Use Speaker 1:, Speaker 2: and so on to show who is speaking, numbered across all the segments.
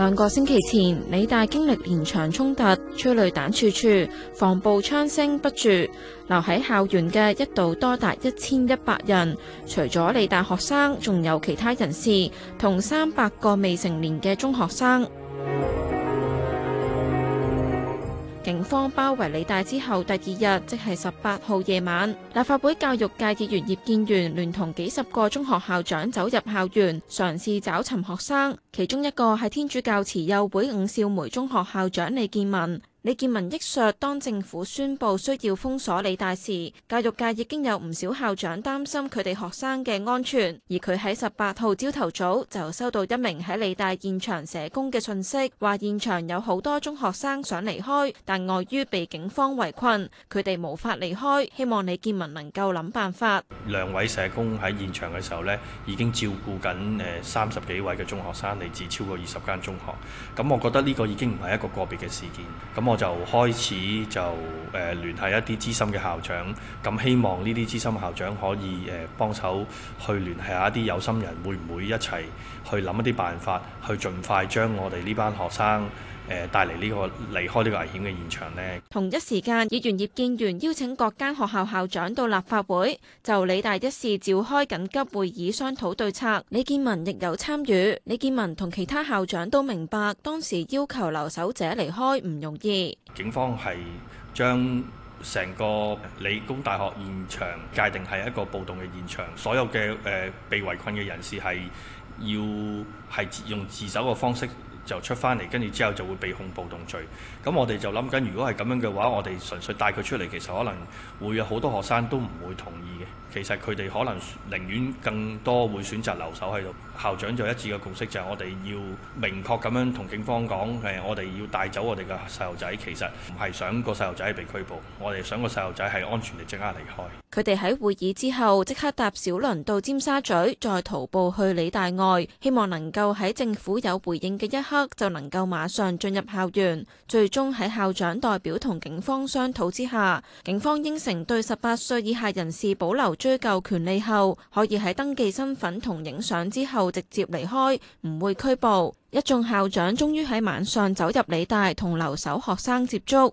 Speaker 1: 兩個星期前，理大經歷連場衝突，催淚彈處處，防暴槍聲不絕。留喺校園嘅一度多達一千一百人，除咗理大學生，仲有其他人士同三百個未成年嘅中學生。方包圍理大之後，第二日即係十八號夜晚，立法會教育界議員葉建源聯同幾十個中學校長走入校園，嘗試找尋學生，其中一個係天主教慈幼會伍少梅中學校長李建文。李建文憶述，當政府宣布需要封鎖理大時，教育界已經有唔少校長擔心佢哋學生嘅安全。而佢喺十八號朝頭早就收到一名喺理大現場社工嘅訊息，話現場有好多中學生想離開，但礙於被警方圍困，佢哋無法離開。希望李建文能夠諗辦法。
Speaker 2: 兩位社工喺現場嘅時候呢，已經照顧緊誒三十幾位嘅中學生嚟自超過二十間中學。咁我覺得呢個已經唔係一個個別嘅事件。咁。我就開始就誒、呃、聯繫一啲資深嘅校長，咁希望呢啲資深校長可以誒、呃、幫手去聯繫一下一啲有心人，會唔會一齊去諗一啲辦法，去盡快將我哋呢班學生誒帶嚟呢個離開呢個危險嘅現場呢。
Speaker 1: 同一時間，議員葉建源邀請各間學校校長到立法會就理大一事召開緊急會議，商討對策。李建文亦有參與。李建文同其他校長都明白當時要求留守者離開唔容易。
Speaker 2: 警方係將成個理工大學現場界定係一個暴動嘅現場，所有嘅誒、呃、被圍困嘅人士係要係用自首嘅方式，就出翻嚟，跟住之後就會被控暴動罪。咁我哋就諗緊，如果係咁樣嘅話，我哋純粹帶佢出嚟，其實可能會有好多學生都唔會同意嘅。其實佢哋可能寧願更多會選擇留守喺度。校長就一致嘅共識就係、是、我哋要明確咁樣同警方講，係我哋要帶走我哋嘅細路仔，其實唔係想個細路仔被拘捕，我哋想個細路仔係安全地即刻離開。
Speaker 1: 佢哋喺會議之後即刻搭小輪到尖沙咀，再徒步去理大外，希望能夠喺政府有回應嘅一刻。刻就能夠馬上進入校園。最終喺校長代表同警方商討之下，警方應承對十八歲以下人士保留追究權利後，可以喺登記身份同影相之後直接離開，唔會拘捕。一眾校長終於喺晚上走入理大同留守學生接觸。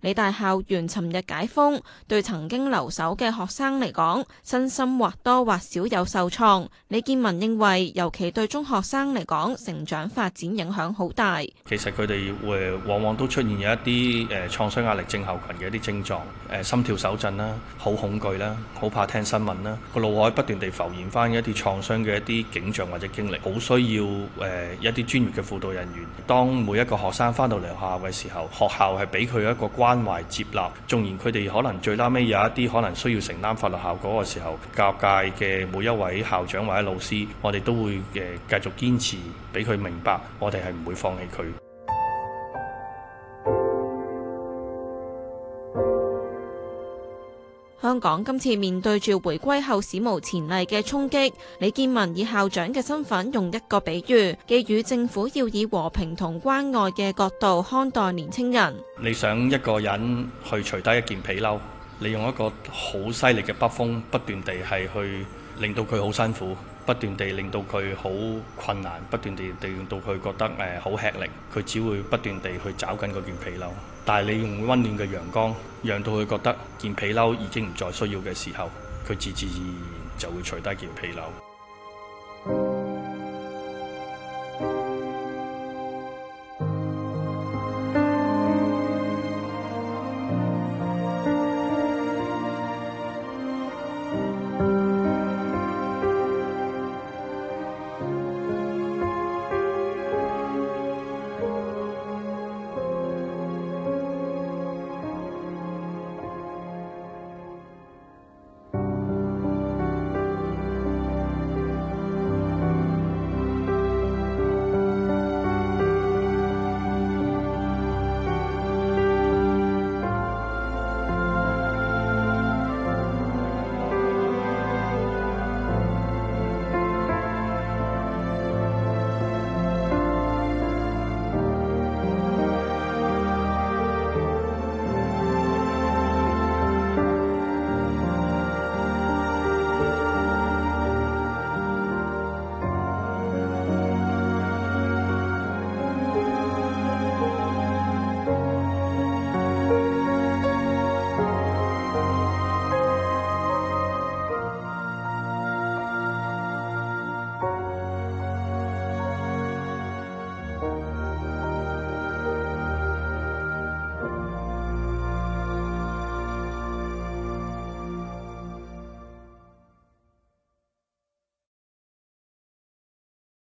Speaker 1: 理大校園尋日解封，對曾經留守嘅學生嚟講，身心或多或少有受創。李建文認為，尤其對中學生嚟講，成長發展影響好大。
Speaker 2: 其實佢哋會，往往都出現有一啲誒創傷壓力症候群嘅一啲症狀，誒心跳手震啦，好恐懼啦，好怕聽新聞啦，個腦海不斷地浮現返一啲創傷嘅一啲景象或者經歷，好需要誒一啲專業嘅輔導人員，當每一個學生返到嚟學校嘅時候，學校係俾佢一個關，關懷接納，縱然佢哋可能最拉尾有一啲可能需要承擔法律效果嘅時候，教育界嘅每一位校長或者老師，我哋都會嘅繼續堅持，俾佢明白，我哋係唔會放棄佢。
Speaker 1: 香港今次面對住回歸後史無前例嘅衝擊，李建文以校長嘅身份用一個比喻，寄語政府要以和平同關愛嘅角度看待年青人。
Speaker 2: 你想一個人去除低一件皮褸，你用一個好犀利嘅北風不斷地係去，令到佢好辛苦，不斷地令到佢好困難，不斷地令到佢覺得誒好、呃、吃力，佢只會不斷地去抓緊嗰件皮褸。但係你用温暖嘅陽光，讓到佢覺得件皮褸已經唔再需要嘅時候，佢自自然然就會除低件皮褸。